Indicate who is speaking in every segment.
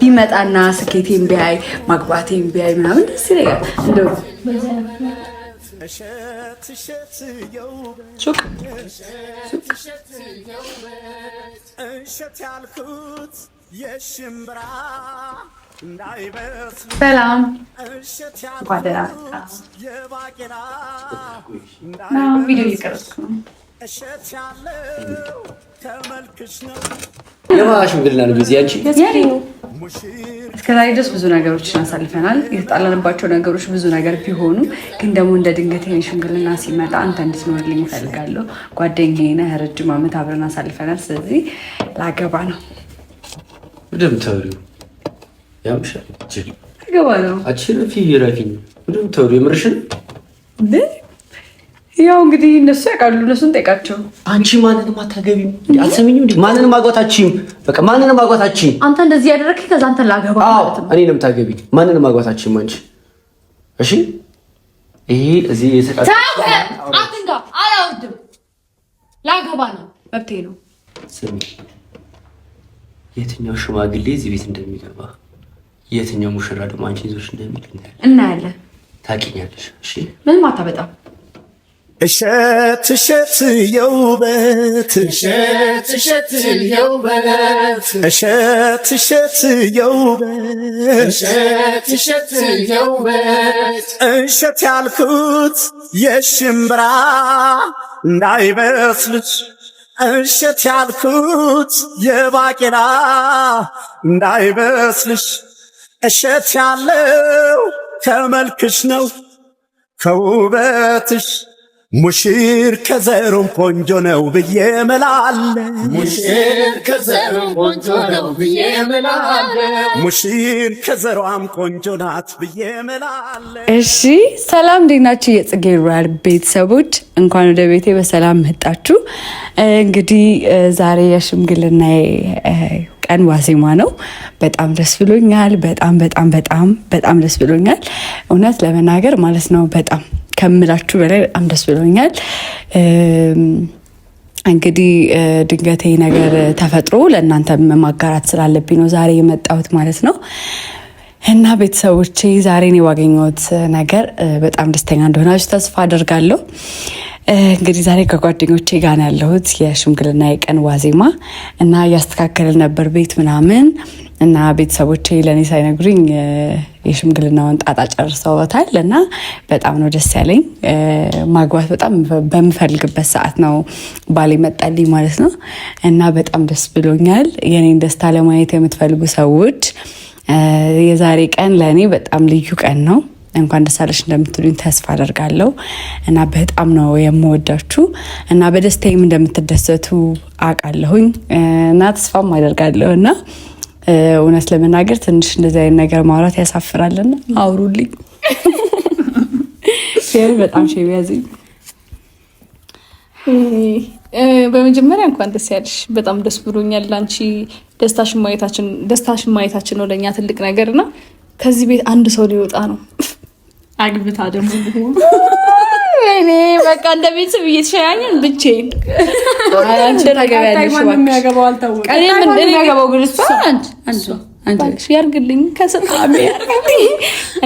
Speaker 1: ቢመጣና ስኬቴን ቢያይ ማግባቴን ቢያይ ምናምን ደስ ይለኛል። እንደው ሱቅ ሰላም ጓደና ቪዲዮ እየቀረጽኩ ነው።
Speaker 2: የማሽምግልና ነው ጊዜ አንቺ
Speaker 1: እስከዛሬ ድረስ ብዙ ነገሮችን አሳልፈናል። የተጣላንባቸው ነገሮች ብዙ ነገር ቢሆኑ ግን ደግሞ እንደ ድንገት ይሄን ሽምግልና ሲመጣ አንተ እንድትኖርልኝ እፈልጋለሁ። ጓደኛዬ ነህ፣ ረጅም ዓመት አብረን አሳልፈናል። ስለዚህ ላገባ ነው።
Speaker 2: ምደምታሪው ገባ ነው አችልፊ ረፊኝ ምደምታሪ የምርሽን
Speaker 1: ያው እንግዲህ እነሱ ያውቃሉ። እነሱን ጠይቃቸው።
Speaker 2: አንቺ ማንንም አታገቢም፣ አትሰሚኝም። ማንንም ማግባታችም በቃ ማንንም ማግባታችም።
Speaker 1: አንተ እንደዚህ ያደረግህ ከዛ አንተን ላገባ
Speaker 2: ማለት ነው። እኔንም ታገቢኝ። ማንንም ማግባታችም አንቺ። እሺ፣ ይሄ እዚህ
Speaker 1: የተቃጠለ አትንጋ። አላወርድም። ላገባ ነው፣ መብቴ ነው።
Speaker 2: ስሚ፣ የትኛው ሽማግሌ እዚህ ቤት እንደሚገባ የትኛው ሙሽራ ደግሞ አንቺ ይዞሽ እንደሚል እናያለን። ታውቂኛለሽ። እሺ፣
Speaker 1: ምንም አታበጣም እሸት እሸት የውበት እሸት እሸት የውበት እሸት ያልኩት የሽምብራ እንዳይበስልሽ እሸት ያልኩት የባቄላ እንዳይበስልሽ እሸት ያለው ከመልክሽ ነው ከውበትሽ ሙሽር ከዘሩም ቆንጆ ነው ብዬ ምላለ ሙሽር ከዘሩም ቆንጆ ነው ብዬ ምላለ ሙሽር ከዘሯም ቆንጆ ናት ብዬ ምላለ። እሺ ሰላም፣ እንዴት ናችሁ የጽጌ ሮያል ቤተሰቦች? እንኳን ወደ ቤቴ በሰላም መጣችሁ። እንግዲህ ዛሬ የሽምግልና ቀን ዋዜማ ነው። በጣም ደስ ብሎኛል። በጣም በጣም በጣም በጣም ደስ ብሎኛል። እውነት ለመናገር ማለት ነው በጣም ከምላችሁ በላይ በጣም ደስ ብሎኛል። እንግዲህ ድንገቴ ነገር ተፈጥሮ ለእናንተ ማጋራት ስላለብኝ ነው ዛሬ የመጣሁት ማለት ነው። እና ቤተሰቦቼ ዛሬን የዋገኘሁት ነገር በጣም ደስተኛ እንደሆናችሁ ተስፋ አደርጋለሁ። እንግዲህ ዛሬ ከጓደኞቼ ጋር ያለሁት የሽምግልና የቀን ዋዜማ እና እያስተካከልን ነበር ቤት ምናምን እና ቤተሰቦቼ ለእኔ ሳይነግሩኝ የሽምግልናውን ጣጣ ጨርሰውታል እና በጣም ነው ደስ ያለኝ። ማግባት በጣም በምፈልግበት ሰዓት ነው ባሌ መጣልኝ ማለት ነው እና በጣም ደስ ብሎኛል። የኔን ደስታ ለማየት የምትፈልጉ ሰዎች የዛሬ ቀን ለእኔ በጣም ልዩ ቀን ነው። እንኳን ደስ አለሽ እንደምትሉኝ ተስፋ አደርጋለሁ እና በጣም ነው የምወዳችሁ እና በደስታዬም እንደምትደሰቱ አውቃለሁኝ እና ተስፋም አደርጋለሁ እና እውነት ለመናገር ትንሽ እንደዚህ አይነት ነገር ማውራት ያሳፍራልና አውሩልኝ። ሲሄድ በጣም ሸ ያዘኝ። በመጀመሪያ እንኳን ደስ ያለሽ። በጣም ደስ ብሎኛል ላንቺ። ደስታሽን ማየታችን ነው ለእኛ ትልቅ ነገር እና ከዚህ ቤት አንድ ሰው ሊወጣ ነው አግብታ ደግሞ ወይኔ በቃ እንደ ቤተሰብ እየተሸያኘን ብቻዬን ያርግልኝ ከሰጣሚ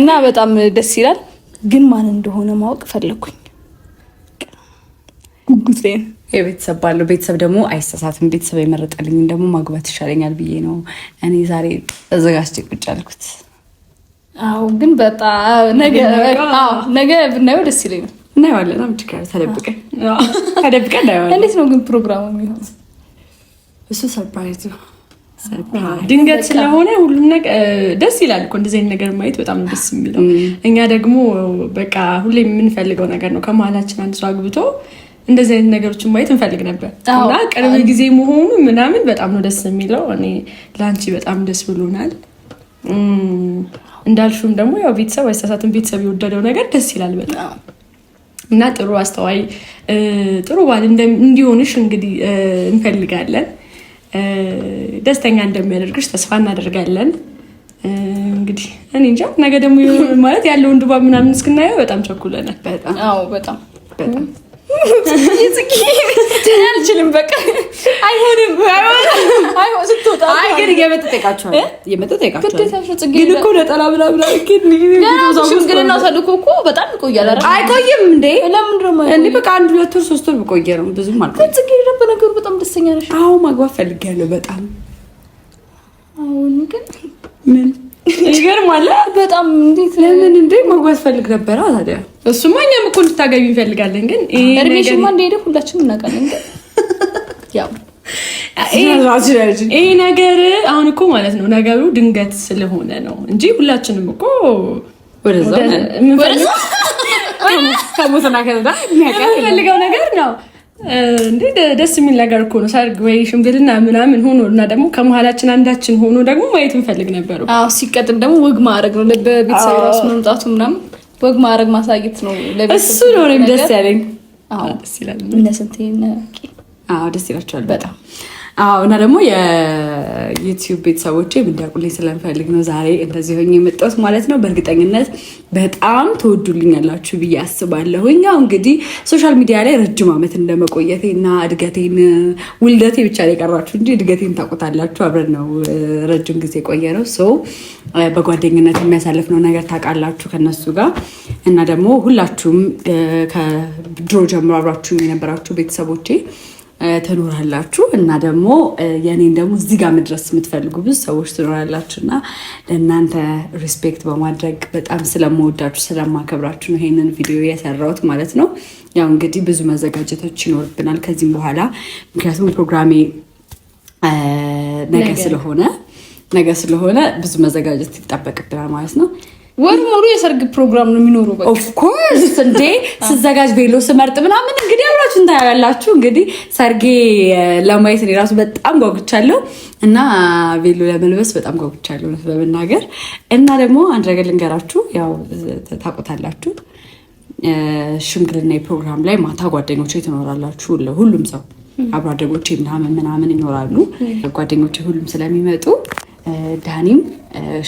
Speaker 1: እና በጣም ደስ ይላል። ግን ማን እንደሆነ ማወቅ ፈለኩኝ። ጉጉቴን የቤተሰብ ባለው ቤተሰብ ደግሞ አይሳሳትም። ቤተሰብ የመረጠልኝ ደግሞ ማግባት ይሻለኛል ብዬ ነው እኔ ዛሬ ተዘጋጅቼ ቁጭ አልኩት። አዎ ግን በጣም ነገ ብናየው ደስ ይለኛል። እናየዋለን። ምች ተደብቀን ተደብቀን እናየዋለን። እንዴት ነው ግን ፕሮግራሙ እሱ ሰርፕራይዝ ነው። ድንገት ስለሆነ ሁሉም ነገር ደስ ይላል እኮ እንደዚህ አይነት ነገር ማየት በጣም ደስ የሚለው። እኛ ደግሞ በቃ ሁሌ የምንፈልገው ነገር ነው። ከመሀላችን አንድ ሰው አግብቶ እንደዚህ አይነት ነገሮችን ማየት እንፈልግ ነበር እና ቅርብ ጊዜ መሆኑ ምናምን በጣም ነው ደስ የሚለው። እኔ ለአንቺ በጣም ደስ ብሎናል። እንዳልሹም ደግሞ ያው ቤተሰብ አይሳሳትን ቤተሰብ የወደደው ነገር ደስ ይላል በጣም እና ጥሩ አስተዋይ ጥሩ ባል እንዲሆንሽ እንግዲህ እንፈልጋለን። ደስተኛ እንደሚያደርግሽ ተስፋ እናደርጋለን። እንግዲህ እኔ እንጃ ነገ ደግሞ ማለት ያለውን ድባብ ምናምን እስክናየው በጣም ቸኩለናል። በጣም በጣም አልችልም በቃ አይሆንም። ግን እኮ ነጠላ ሽምግልና ሰልኮ እኮ በጣም ይቆያል። አይቆይም እንዴ? ለምንድን በቃ አንድ ሁለት ወር ሶስት ወር ነው ብዙም ጽጌ በጣም ደስተኛ ነሽ? አዎ ማግባት ፈልጊያለሁ በጣም አሁን ግን ምን ይገርማል በጣም እንዴት ለምን እንዴ ማግባት ፈልግ ነበረ ታዲያ እሱማ እኛም እኮ እንድታገቢ እንፈልጋለን፣ ግን እድሜሽማ እንደሄደ ሁላችንም እናውቃለን። ይህ ነገር አሁን እኮ ማለት ነው ነገሩ ድንገት ስለሆነ ነው እንጂ ሁላችንም እኮ የምንፈልገው ነገር ነው። እንዴ ደስ የሚል ነገር እኮ ነው። ሰርግ ወይ ሽምግልና ምናምን ሆኖ እና ደግሞ ከመሀላችን አንዳችን ሆኖ ደግሞ ማየት እንፈልግ ነበሩ። ሲቀጥል ደግሞ ወግ ማድረግ ነው፣ በቤተሰብ ራሱ መምጣቱ ምናምን ወግ ማድረግ ማሳየት ነው። እሱ ነው ደስ ያለኝ። ደስ ይላል። እነ ስንቴ ደስ ይላቸዋል በጣም አዎ እና ደግሞ የዩቲዩብ ቤተሰቦቼ እንዲያውቁልኝ ስለምፈልግ ነው ዛሬ እንደዚህ ሆኜ የመጣሁት ማለት ነው። በእርግጠኝነት በጣም ተወዱልኝ ያላችሁ ብዬ አስባለሁ። ያው እንግዲህ ሶሻል ሚዲያ ላይ ረጅም ዓመት እንደመቆየቴ እና እድገቴን ውልደቴ ብቻ ላይ ቀራችሁ እንጂ እድገቴን ታውቁታላችሁ። አብረን ነው ረጅም ጊዜ ቆየ ነው ሰው በጓደኝነት ነው ነገር ታውቃላችሁ ከነሱ ጋር እና ደግሞ ሁላችሁም ከድሮ ጀምሮ አብራችሁ የነበራችሁ ቤተሰቦቼ ትኖራላችሁ እና ደግሞ የኔን ደግሞ እዚህ ጋር መድረስ የምትፈልጉ ብዙ ሰዎች ትኖራላችሁ እና ለእናንተ ሪስፔክት በማድረግ በጣም ስለመወዳችሁ ስለማከብራችሁ ነው ይሄንን ቪዲዮ የሰራሁት ማለት ነው። ያው እንግዲህ ብዙ መዘጋጀቶች ይኖርብናል ከዚህም በኋላ ምክንያቱም ፕሮግራሜ ነገ ስለሆነ ነገ ስለሆነ ብዙ መዘጋጀት ይጠበቅብናል ማለት ነው። ወር ሙሉ የሰርግ ፕሮግራም ነው የሚኖረው። ኦፍኮርስ እንዴ ስዘጋጅ ቤሎ ስመርጥ ምናምን እንግዲህ አብራችሁ ታያላችሁ። እንግዲህ ሰርጌ ለማየት እኔ ራሱ በጣም ጓጉቻለሁ እና ቤሎ ለመልበስ በጣም ጓጉቻለሁ እውነት በመናገር እና ደግሞ አንድ ነገር ልንገራችሁ፣ ያው ታውቁታላችሁ፣ ሽምግልና ፕሮግራም ላይ ማታ ጓደኞቼ ትኖራላችሁ። ሁሉም ሰው አብሮ አደጎቼ ምናምን ምናምን ይኖራሉ። ጓደኞቼ ሁሉም ስለሚመጡ ዳኒም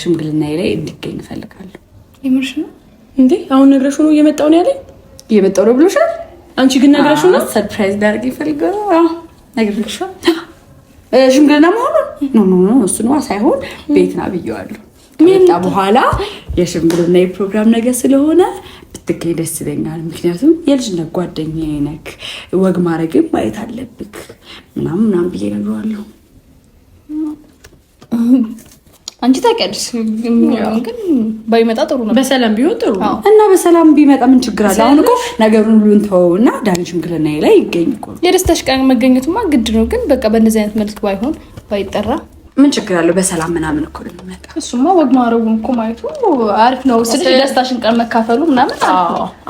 Speaker 1: ሽምግልና ላይ እንዲገኝ ይፈልጋሉ። የምርሽ ነው እንዴ? አሁን ነግረሽ ነው እየመጣው ነው ያለኝ። እየመጣው ነው ብሎሻል። አንቺ ግን ነግረሽ ነው። ሰርፕራይዝ ዳርግ ይፈልጋል። ነግረሽ ሽምግልና መሆኑን ኖ ኖ እሱ ነዋ ሳይሆን ቤት ና ብየዋለሁ። ከመጣ በኋላ የሽምግልና የፕሮግራም ነገር ስለሆነ ብትገኝ ደስ ይለኛል። ምክንያቱም የልጅነት ጓደኛ ነክ ወግ ማድረግም ማየት አለብክ ምናምን ምናምን ብዬ ነግረዋለሁ። አንቺ ታውቂያለሽ፣ ግን ባይመጣ ጥሩ ነው። በሰላም ቢሆን ጥሩ ነው እና በሰላም ቢመጣ ምን ችግር አለ? አሁን እኮ ነገሩን ሁሉ እንተው እና ዳኒ ሽምግልና ላይ ይገኝ እኮ የደስታሽ ቀን መገኘቱማ ግድ ነው። ግን በቃ በእንደዚህ አይነት መልክ ባይሆን ባይጠራ ምን ችግር አለው? በሰላም ምናምን እኮ ልንመጣ እሱማ ወግ ማረጉን እኮ ማየቱ አሪፍ ነው። ስልሽ ደስታሽን ቀን መካፈሉ ምናምን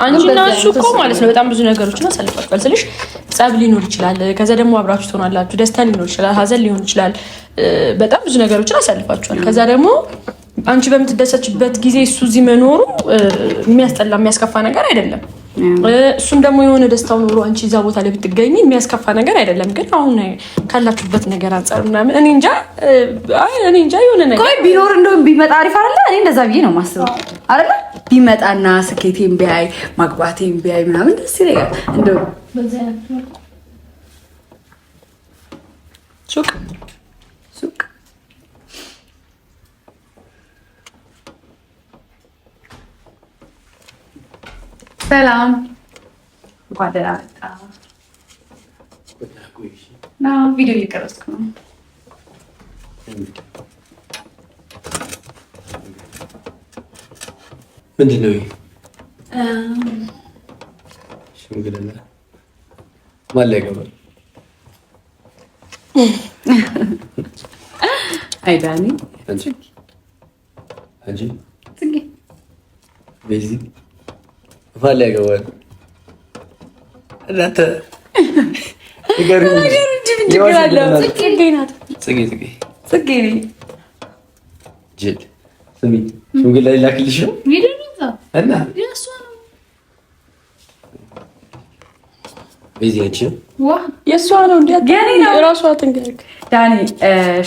Speaker 1: አንቺና እሱ እኮ ማለት ነው በጣም ብዙ ነገሮችን አሳልፋችኋል ስልሽ፣ ጸብ ሊኖር ይችላል፣ ከዛ ደግሞ አብራችሁ ትሆናላችሁ። ደስታ ሊኖር ይችላል፣ ሀዘን ሊሆን ይችላል። በጣም ብዙ ነገሮችን አሳልፋችኋል። ከዛ ደግሞ አንቺ በምትደሰችበት ጊዜ እሱ እዚህ መኖሩ የሚያስጠላ የሚያስከፋ ነገር አይደለም። እሱም ደግሞ የሆነ ደስታው ኖሮ አንቺ እዛ ቦታ ላይ ብትገኝ የሚያስከፋ ነገር አይደለም። ግን አሁን ካላችሁበት ነገር አንጻር ምናምን እኔ እንጃ እኔ እንጃ የሆነ ነገር ቢኖር እንደውም ቢመጣ አሪፍ አለ። እኔ እንደዛ ብዬ ነው ማስበው አለ ቢመጣና ስኬቴን ቢያይ ማግባቴን ቢያይ ምናምን ደስ ይለኛል። እንደው ሰላም፣ እንኳን ደህና መጣ። ቪዲዮ እየቀረጽኩ ነው።
Speaker 2: ምንድን ነው ሽምግልና? ማን ላይ ገባ? አይ ዳኒ ማን ያገባል? እናንተ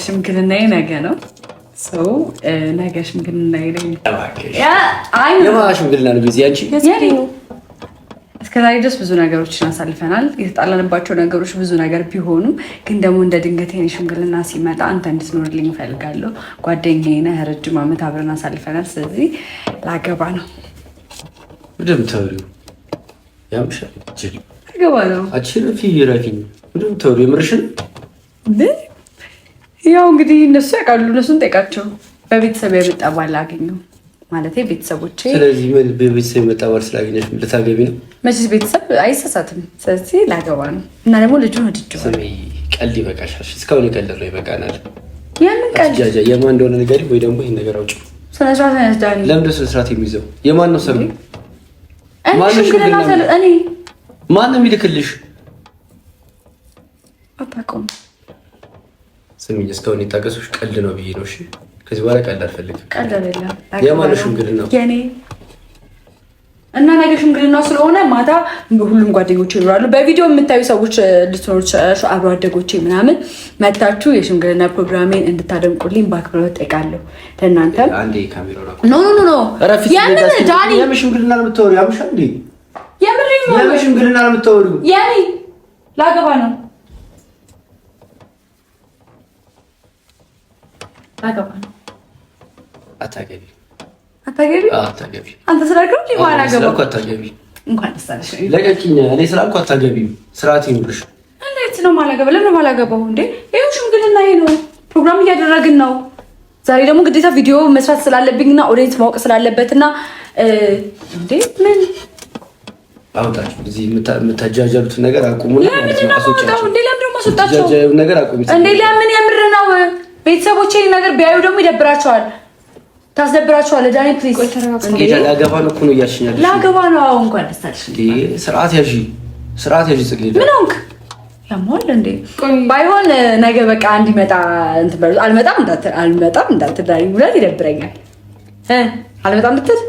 Speaker 1: ሽምግልና ነገ ነው። ነገ ሽምግልና
Speaker 2: ሽምግልና ነው ጊዜ አንቺ
Speaker 1: እስከዛሬ ድረስ ብዙ ነገሮችን አሳልፈናል። የተጣላንባቸው ነገሮች ብዙ ነገር ቢሆኑ ግን ደግሞ እንደ ድንገት ሽምግልና ሲመጣ አንተ እንድትኖርልኝ እፈልጋለሁ። ጓደኛዬ ነህ፣ ረጅም ዓመት አብረን አሳልፈናል። ስለዚህ ላገባ ነው።
Speaker 2: ምንም ተወሪው ያምሻል። አገባ ነው። አችልፊ ይረፊኝ የምርሽን
Speaker 1: ያው እንግዲህ እነሱ ያውቃሉ። እነሱን ጠይቃቸው። በቤተሰብ የመጣ ባል አገኘሁ ማለት ቤተሰቦቼ።
Speaker 2: ስለዚህ ምን በቤተሰብ የመጣ ባል ስላገኘሽ ልታገቢ ነው?
Speaker 1: መቼስ ቤተሰብ አይሳሳትም። ስለዚህ ላገባ ነው እና ደግሞ ልጁ
Speaker 2: ወድጀዋል። ቀልድ ይበቃሻል። እስካሁን የቀለድነው ይበቃናል።
Speaker 1: ያንን ቀልድ
Speaker 2: የማን እንደሆነ ንገሪኝ፣ ወይ ደግሞ ይህን ነገር አውጭ።
Speaker 1: ስነ ስርዓት ያስዳል።
Speaker 2: ለምንድን ነው ስነ የሚይዘው? የማን ነው ሰብሉ? ማን ነው የሚልክልሽ? አታውቀውም ስሚኝ እስካሁን የታገሱሽ ቀልድ ነው ብዬ ነው። እሺ ከዚህ በኋላ ቀልድ አልፈልግም።
Speaker 1: ቀልድ አይደለም።
Speaker 2: የማለ ሽምግልና
Speaker 1: የኔ እና ነገ ሽምግልና ስለሆነ ማታ ሁሉም ጓደኞች ይኖራሉ። በቪዲዮ የምታዩ ሰዎች ልትኖር ትችላላችሁ፣ አብሮ አደጎቼ ምናምን መታችሁ የሽምግልና ፕሮግራሜን እንድታደምቁልኝ በአክብሮት እጠይቃለሁ። ለእናንተም ኖ ኖ ኖ የምን
Speaker 2: ሽምግልና ነው የምታወሪው?
Speaker 1: ላገባ ነው አገባ አታገቢ አታገቢ አታገቢ አንተ ስላልከው ይባል
Speaker 2: አገባ አታገቢ እንኳን ደስ አለሽ ለቀቂኝ። እኔ ስላልኩ አታገቢ ስርዓት ይኑርሽ።
Speaker 1: እንዴት ነው ማላገባ? ለምን ማላገባው እንዴ? ይኸው ሽምግልና ይሄ ነው። ፕሮግራም እያደረግን ነው። ዛሬ ደግሞ ግዴታ ቪዲዮ መስራት ስላለብኝና ኦዲየንስ ማወቅ ስላለበትና እንዴ ምን
Speaker 2: አውጣችሁ እዚህ የምታጃጃሉት ነገር አቁሙና
Speaker 1: ማለት ነው። አስወጣችሁ እንዴ ለምን ደግሞ አስወጣችሁ ነገር አቁሙ እንዴ ለምን የምር ነው ቤተሰቦቼ ነገር ቢያዩ ደግሞ ይደብራቸዋል፣ ታስደብራቸዋል። ዳኒ ፕሊዝ፣
Speaker 2: ላገባ ነው እኮ ነው እያልሽኝ
Speaker 1: ላገባ ነው። አዎ፣ እንኳን ደስ አለሽ።
Speaker 2: ስርዓት ያዢ፣ ስርዓት ያዢ። ጽጌ
Speaker 1: ምን ሆንክ? ያማል እንዴ? ባይሆን ነገ በቃ እንዲመጣ እንትን በሉ። አልመጣም እንዳትል፣ አልመጣም እንዳትል ዳኒ፣ ሁለት ይደብረኛል። አልመጣም ብትል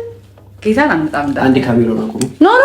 Speaker 1: ጌታን አልመጣም እንዳትል
Speaker 2: አንዴ ካሜራውን አቁሙ።
Speaker 1: ኖ ኖ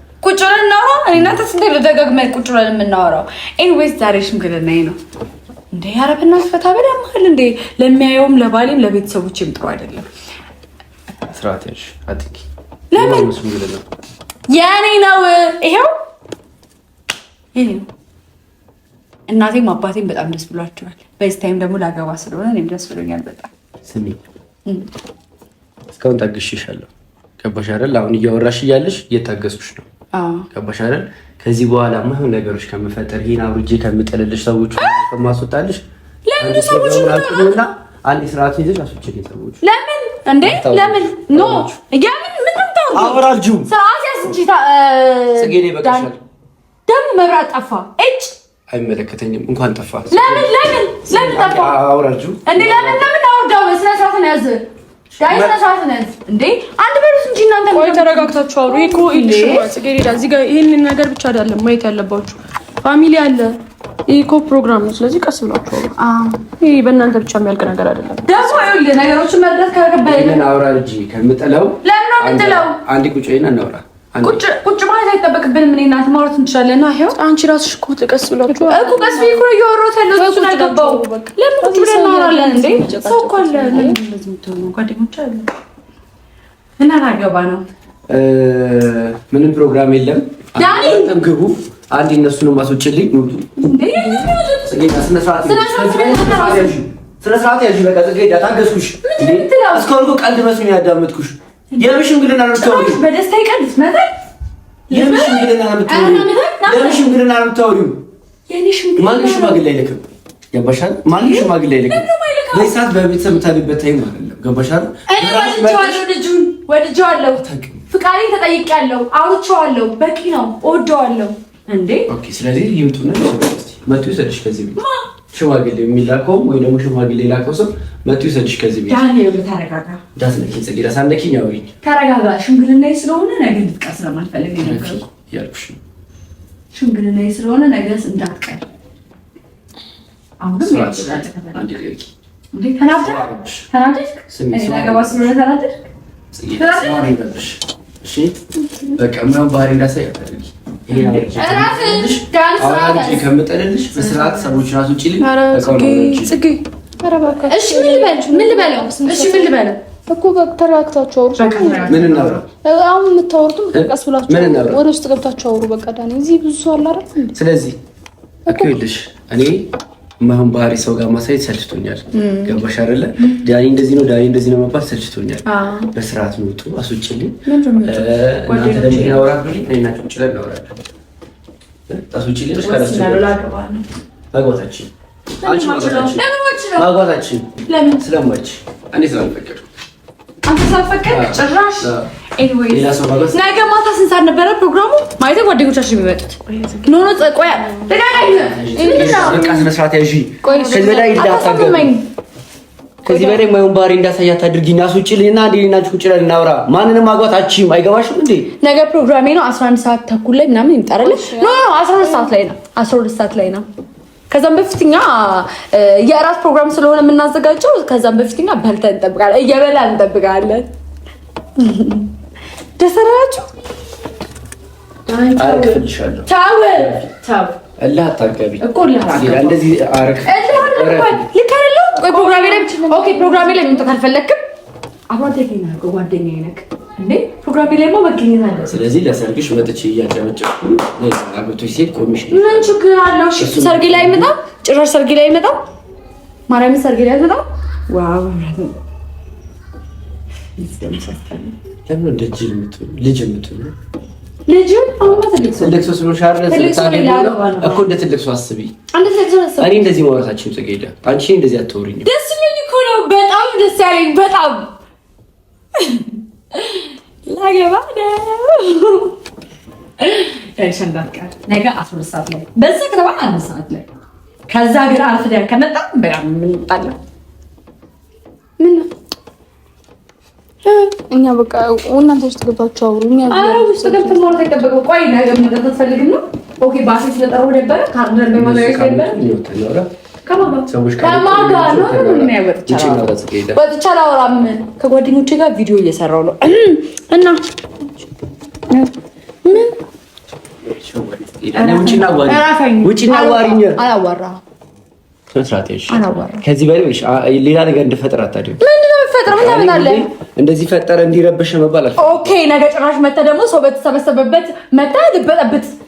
Speaker 1: ቁጭ ብለን እናውራ። እኔ እናንተ ስንት ደጋግመን ቁጭ ብለን የምናወራው። ኤኒዌይስ ዛሬ ሽምግልና ነው እንደ ያረብና ስፈታ በደምል እንደ ለሚያየውም ለባሌም ለቤተሰቦችም ጥሩ አይደለም።
Speaker 2: ስራቴሽ አጥቂ ለምን
Speaker 1: የኔ ነው? ይሄው ይሄ እናቴም አባቴም በጣም ደስ ብሏቸዋል። በዚህ ታይም ደግሞ ላገባ ስለሆነ እኔም ደስ ብሎኛል በጣም።
Speaker 2: ስሚ እስካሁን ታግሼሻለሁ። ገባሽ አይደል? አሁን እያወራሽ እያለሽ እየታገሱሽ ነው ገባሽ አይደል? ከዚህ በኋላ ምን ነገሮች ከምፈጠር ይሄን አብርጄ ከምጥልልሽ ሰዎች ከማስወጣልሽ
Speaker 1: ለምን ሰዎች ምናምን
Speaker 2: አንድ ስርዓት ይዘሽ አስወጪኝ። ሰዎች
Speaker 1: ለምን እንዴ? ለምን ኖ ያምን ምንም ታው አውራጁ ስርዓት ያስጂ
Speaker 2: ጽጌኔ በቃሻል።
Speaker 1: ደም መብራት ጠፋ። እጭ
Speaker 2: አይመለከተኝም። እንኳን ጠፋ።
Speaker 1: ለምን ለምን ለምን ጠፋ? አውራጁ እንዴ ለምን ለምን አውርዳው? ስነ ስርዓት ነው ያዝ ይህንን ነገር ብቻ አይደለም ማየት ያለባችሁ፣ ፋሚሊ አለ። ይሄ እኮ ፕሮግራም ነው። ስለዚህ ቀስ ብላችሁ ይሄ በእናንተ ብቻ የሚያልቅ ነገር አይደለም። ደግሞ ነገሮችን መድረስ ከገባ ከምጥለው ለምን ነው የምትለው?
Speaker 2: አንድ ቁጭ እናውራ
Speaker 1: ቁጭ ማለት አይጠበቅብንም። እኔ እናት ማውራት እንችላለን ነው። ይኸው አንቺ እኮ ብላችሁ እኮ ቀስ ብዬሽ እኮ ነው እያወራሁት ያለው። እሱን ለምን ቁጭ ብለን እናወራለን እንዴ? ሰው እኮ አለ ጓደኞች አሉ እና ላገባ ነው።
Speaker 2: ምንም ፕሮግራም የለም። ግቡ። አንድ እነሱንም ያዥ። በቃ
Speaker 1: ጽጌ
Speaker 2: እስካሁን ቀልድ መስሎኝ ያዳመጥኩሽ የምሽምግልና ነው
Speaker 1: የምታወሪው? በደስታ ይቀልስ መጣይ
Speaker 2: የምሽምግልና ነው የምታወሪው? ማንም ሽማግሌ አይልክም። ገባሻል? ማንም ሽማግሌ አይልክም። በዚህ ሰዓት በቤተሰብ የምታድሪበት ታይም አይደለም። ገባሻል?
Speaker 1: እኔ ወድጄዋለሁ፣ ልጁን ወድጄዋለሁ፣ ፍቃዴን ተጠይቄያለሁ፣ አውርቼዋለሁ። በቂ ነው። እወደዋለሁ እንዴ።
Speaker 2: ኦኬ። ስለዚህ ይምጡና መጥቶ ይሰድሽ ከዚህ ቤት ሽማግሌ የሚላከውም ወይ ደግሞ ሽማግሌ የላከው ሰው መጡ ይሰድሽ ከዚህ ቤት
Speaker 1: ዳን ነው። ተረጋጋ።
Speaker 2: እንዳትነኪ ጽጌ፣ ዳሳነኪኝ አውሪኝ።
Speaker 1: ተረጋጋ። ሽምግልናዬ ስለሆነ ነገ እንድትቀር ስለማልፈልግ ነው ያልኩሽ። ሽምግልናዬ ስለሆነ ነገ እንዳትቀር። አሁንም በቃ እሺ ምን ልበል? ምን ልበል? ውስጥ ገብታችሁ አውሩ። በቃ ዳኒ፣ ብዙ ሰው አለ
Speaker 2: ስለዚህ እኮ እኔ ማሁን ባህሪ ሰው ጋር ማሳየት ሰልችቶኛል። ገባሽ አይደለ? ዳኒ እንደዚህ ነው፣ ዳኒ እንደዚህ ነው መባል ሰልችቶኛል። በስርዓት ነው ውጡ፣ አስወጪልኝ። እናንተ ደግሞ እናውራ ብልኝ እኔና ጭምጭለን እናውራለን። አስወጪልኝ ካላስችላል አግባታችን
Speaker 1: አንቺ ለምን
Speaker 2: ስለማች እኔ ስላልፈቀድኩ
Speaker 1: አንተ ስላልፈቀድክ ጭራሽ ነገ ማታ ስንት ሰዓት ነበረ ፕሮግራሙ? ማለት ጓደኞቻችን የሚመጡት ኖ ኖ
Speaker 2: ቆይ ከዚህ በላይ የማይሆን ባህሪ እንዳሳያት አድርጊ እና አስወጪልኝና አንዴ እኔና ቁጭ ብለን እናውራ። ማንንም ማግባት አችም አይገባሽም እንዴ?
Speaker 1: ነገ ፕሮግራሜ ነው 11 ሰዓት ተኩል ላይ ምናምን ይምጣራል። ኖ ኖ 12 ሰዓት ላይ ነው። 12 ሰዓት ላይ ነው ከዛም በፊትኛ የእራት ፕሮግራም ስለሆነ የምናዘጋጀው ከዛም በፊትኛ በልተን እንጠብቃለን፣ እየበላን እንጠብቃለን። ደስ አላችሁ? ፕሮግራሜ ላይ ካልፈለክም አብሯ ጓደኛዬ ነክ እንዴ ፕሮግራም ላይ መገኘት አለ።
Speaker 2: ስለዚህ ለሰርግሽ መጥቼ እያጨበጨብኩ አግብቶሽ ሲሄድ ኮሚሽን
Speaker 1: ምን ችግር አለው? እሺ ሰርግ ላይ መጣ፣ ጭራሽ ሰርግ ላይ መጣ፣ ማርያም ሰርግ ላይ መጣ። ዋው
Speaker 2: ለምን ልጅ የምትሆን ልጅ የምትሆን ልጅ ትልቅ ሰው ስለሆንሽ እኮ እንደ ትልቅ ሰው አስቢ። እኔ እንደዚህ ማውራታችን ጽጌ አንቺ እንደዚህ አትወሪኝ።
Speaker 1: ደስ የሚል እኮ ነው። በጣም ደስ ያለኝ በጣም ላገባ ነው ነገ አስራ ሰዓት ላይ በዛ ከተማ አራት ሰዓት ላይ ከዛ ግን አርፍደን ከመጣ በጣም የምንጣለው ምን እኛ በቃ እናንተ ውስጥ ገባችሁ አውሩ። ኧረ ውስጥ ገብተን ማውራት አይጠበቅም። ቆይ ነገ መጠጣት ፈልግና ኦኬ ባሴ ስለጠራሁ ነበረ ካርደን በማለት
Speaker 2: ነበረ
Speaker 1: ወጥቼ አላወራም። ከጓደኞቼ ጋር ቪዲዮ እየሰራሁ ነው እና
Speaker 2: ከዚህ በላይ ሌላ ነገር እንድፈጥር አታድርግ። እንደዚህ ፈጠረ እንዲረብሽ መባል
Speaker 1: ኦኬ። ነገ ጭራሽ መተህ ደግሞ ሰው በተሰበሰበበት መተህ ልበጠብት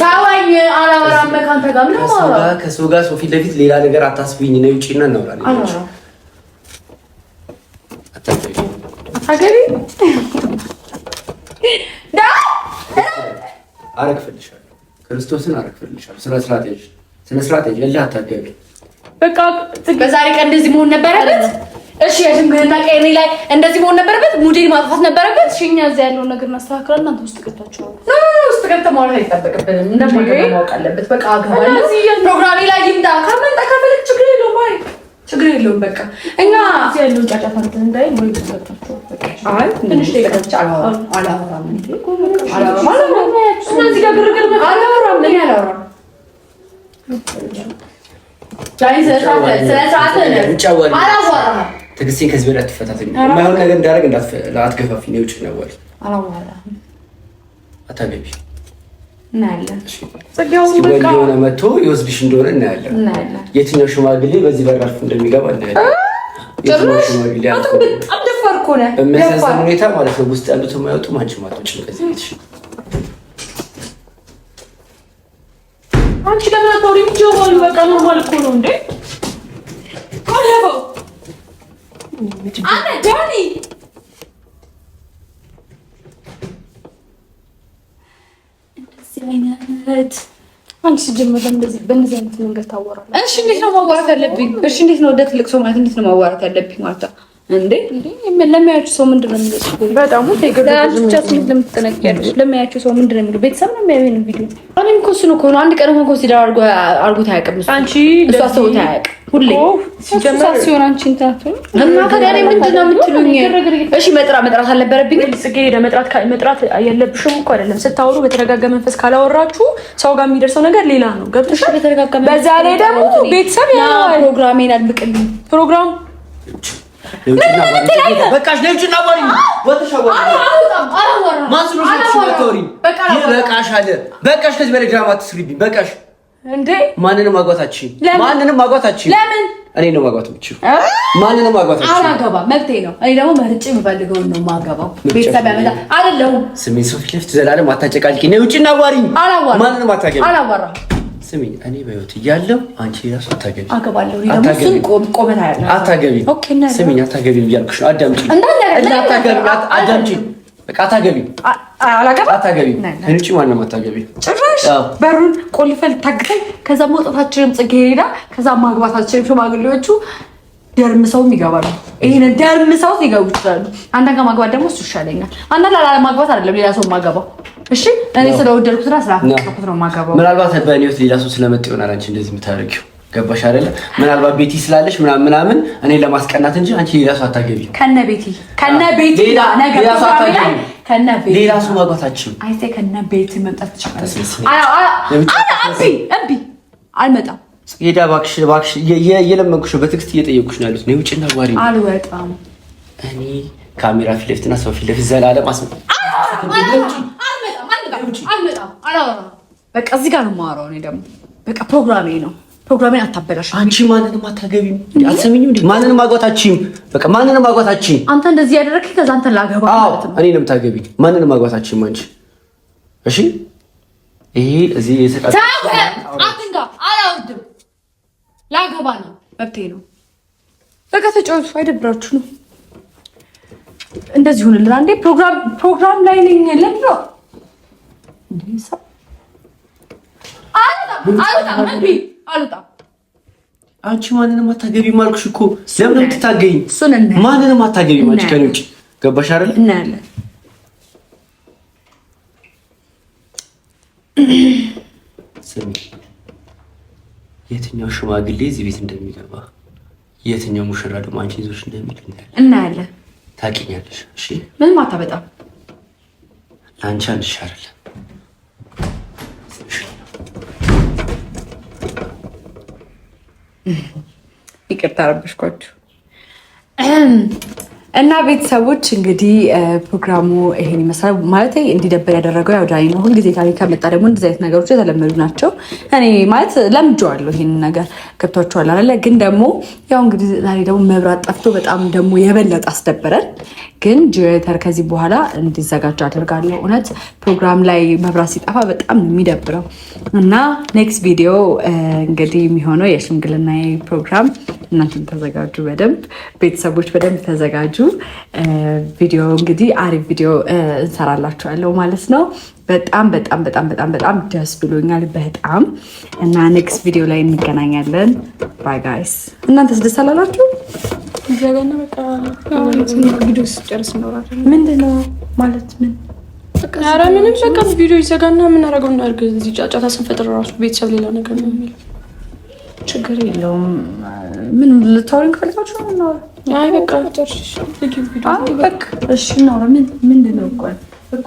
Speaker 1: ታዋኝ አላወራም ከአንተ ጋር ምንም
Speaker 2: አወራ ከሰው ጋር ሰው ፊት ለፊት ሌላ ነገር አታስቢኝ ነው ውጪ እና እናውራለን አረግፍልሻለሁ ክርስቶስን አረግፍልሻለሁ ስነ ስርዓት ስነ ስርዓት
Speaker 1: በቃ በዛሬ ቀን እንደዚህ መሆን ነበረበት። እሺ የድንግልና ቀኔ ላይ እንደዚህ መሆን ነበረበት። ሙዴን ማጥፋት ነበረበት። እሺ እኛ እዚያ ያለውን ነገር እናስተካክላለን። እናንተ ውስጥ ገብታችኋል። ውስጥ ገብተህ ማለት አይጠበቅብንም። እንደማገር ማወቅ አለበት። በቃ አገባለሁ። ፕሮግራሜ ላይ ይምጣ። ከመጣ ከፈለግ ችግር የለውም። አይ ችግር የለውም። በቃ እኛ እዚህ ያለውን ጫጫታ እንትን እንዳይ ወይ ገብታችኋል። ትንሽ አላወራም። አላወራም። ጋር ግርግር አላወራም። እኔ አላወራም
Speaker 2: ትዕግስቴን ከዚህ በላይ አትፈታተኝ። የማይሆን ነገር እንዳደርግ አትገፋፊኝ። የውጭ ነበር አታገቢ የሆነ መጥቶ የወስድሽ እንደሆነ እናያለን። የትኛው ሽማግሌ በዚህ በር አልፎ እንደሚገባ እናያለን። ሁኔታ ማለት ነው ውስጥ ያሉት የማይወጡ አንቺም አትወጪም ከዚህ ቤትሽ
Speaker 1: ይጀባሉ። በቃ ኖርማል እኮ ነው እንዴ ኮለበው አንተ ዳኒ አይነት አንቺ ጀምር እንደዚህ በእንደዚህ አይነት መንገድ ታወራለህ። እሺ እንዴት ነው ማዋራት ያለብኝ? እሺ እንዴት ነው ወደ ትልቅ ሰው ማለት እንዴት ነው ማዋራት ያለብኝ ማለት ነው? እንዴ ለሚያያችሁ ሰው ምንድን ነው የሚለው? በጣም ለሚያያችሁ ሰው ቤተሰብ ነው የሚያዩ አንድ ቀን እንኳን ኮንሲደር አድርጎት አያውቅም። አንቺ እሱ አስቦት አያውቅም። መጥራት የለብሽም እኮ አይደለም። ስታወሩ በተረጋጋ መንፈስ ካላወራችሁ ሰው ጋር የሚደርሰው ነገር ሌላ ነው። ገብቶሻል? በዛ ላይ ደግሞ ቤተሰብ ፕሮግራሜን አድምቅልኝ ፕሮግራም
Speaker 2: በቃሽ ለውጭና በቃሽ። ከዚህ በላይ ድራማ አትስሪብኝ። በቃሽ። ማንንም ማግባታችን ማንንም ማግባታችን ለምን እኔ ነው ማግባት የምችለው ማንንም ማግባታችን
Speaker 1: አላገባም፣ መብቴ ነው። እኔ ደግሞ መርጬ የምፈልገውን ነው የማገባው። ቤተሰብ ያመጣ አይደለሁም።
Speaker 2: ስሜን ሰው ፊት ለፊት ዘላለም አታጨቃጭቂኝ። ነይ ውጭና አዋሪኝ። ማንንም
Speaker 1: አታገቢም።
Speaker 2: ስሚ እኔ በህይወት እያለሁ አንቺ ራሱ አታገቢ አገባለሁ አታገቢ ስሚኝ፣ አታገቢ እያልኩሽ ነው። አዳምጪ፣ አዳምጪ፣ በቃ አታገቢ፣ አታገቢ፣ ውጪ፣ ማንም አታገቢ።
Speaker 1: ጭራሽ በሩን ቆልፈል ታግተኝ፣ ከዛ መውጣታችንም ጽጌ ሄዳ፣ ከዛ ማግባታችንም ሽማግሌዎቹ ደርምሰውም ይገባሉ። ይህንን ደርምሰውት ይገቡ ይችላሉ። አንዳንድ ጋር ማግባት ደግሞ እሱ ይሻለኛል። አንዳንድ ላለማግባት አይደለም ሌላ ሰው ማገባው እሺ እኔ ስለወደድኩት እና ስላፈቀርኩት ነው የማገባው።
Speaker 2: ምናልባት በእኔ ሌላ ሰው ስለመጣ ይሆናል አንቺ እንደዚህ የምታደርጊው ገባሽ አይደለ? ምናልባት ቤቲ ስላለሽ ምናምን ምናምን እኔ ለማስቀናት እንጂ አንቺ ሌላ ሰው አታገቢ። ከነ ቤቲ ከነ ቤቲ ሌላ ሰው ማግባታችን አይቴ ከነ ቤቲ መምጣት እምቢ አልመጣም። ሄዳ እባክሽ እባክሽ፣ እየለመንኩሽ በትዕግስት እየጠየኩሽ ነው ያሉት። ነው ውጭና ጓሪ አልወጣም። እኔ ካሜራ ፊት ለፊትና ሰው ፊት ለፊት ዘላለም አስመጣ በቃ እዚህ ጋር ነው የማወራው። እኔ ደግሞ በቃ ፕሮግራሜ ነው። ፕሮግራሜን አታበላሽ። አንቺ ማንንም አታገቢም፣ አትሰሚኝም። ማንንም ማግባታችም በቃ ማንንም ማግባታችም። አንተ እንደዚህ ያደረግህ ከዛ አንተን ላገባ ማለት ነው። እኔንም ታገቢ ማንንም ማግባታችም። አንቺ እሺ፣ ይሄ እዚህ የተቃጠለ አትንካ። አላወድም። ላገባ ነው፣ መብቴ ነው። በቃ ተጫወቱ። አይደብራችሁ ነው። እንደዚህ ሁንልን አንዴ። ፕሮግራም ፕሮግራም ላይ ነኝ ለምነው አንቺ ማንንም አታገቢም አልኩሽ እኮ። ለምን ማንንም ከኔ ገባሽ አይደል? እናያለን። የትኛው ሽማግሌ እዚህ ቤት እንደሚገባ የትኛው ሙሽራ ደግሞ አንቺ ይዞሽ እንደሚል እናያለን። ታውቂኛለሽ? እሺ፣ ምንም አታበጣም። ለአንቺ ይቅርታ ረበሽኳችሁ። እና ቤተሰቦች እንግዲህ ፕሮግራሙ ይሄን ይመስላል። ማለት እንዲደበር ያደረገው ያው ዳኒ ነው። ሁልጊዜ ዳኒ ከመጣ ደግሞ እንደዚህ አይነት ነገሮች የተለመዱ ናቸው። እኔ ማለት ለምጄዋለሁ ይሄን ነገር ገብቷቸዋል አለ። ግን ደግሞ ያው እንግዲህ ዛሬ ደግሞ መብራት ጠፍቶ በጣም ደግሞ የበለጠ አስደበረን። ግን ጄኔሬተር ከዚህ በኋላ እንዲዘጋጅ አደርጋለሁ። እውነት ፕሮግራም ላይ መብራት ሲጠፋ በጣም ነው የሚደብረው። እና ኔክስት ቪዲዮ እንግዲህ የሚሆነው የሽምግልና ፕሮግራም እናንተም ተዘጋጁ፣ በደንብ ቤተሰቦች በደንብ ተዘጋጁ። ቪዲዮ እንግዲህ አሪፍ ቪዲዮ እንሰራላችኋለሁ ማለት ነው። በጣም በጣም በጣም በጣም በጣም ደስ ብሎኛል በጣም እና ኔክስት ቪዲዮ ላይ እንገናኛለን። ባይ ጋይስ። እናንተስ ደስ አላላችሁ? ዘጋና ስጨርስ እኖራለን። ምንድን ነው ማለት ምን? ቪዲዮ ይዘጋና የምናደርገው እናድርግ። እዚህ ጫጫታ ስንፈጥር ራሱ ቤተሰብ ሌላ ነገር ነው የሚለው። ችግር የለውም። ምን ልታወሪኝ ከፈለጋችሁ እናውራ። አይ በቃ ምንድን ነው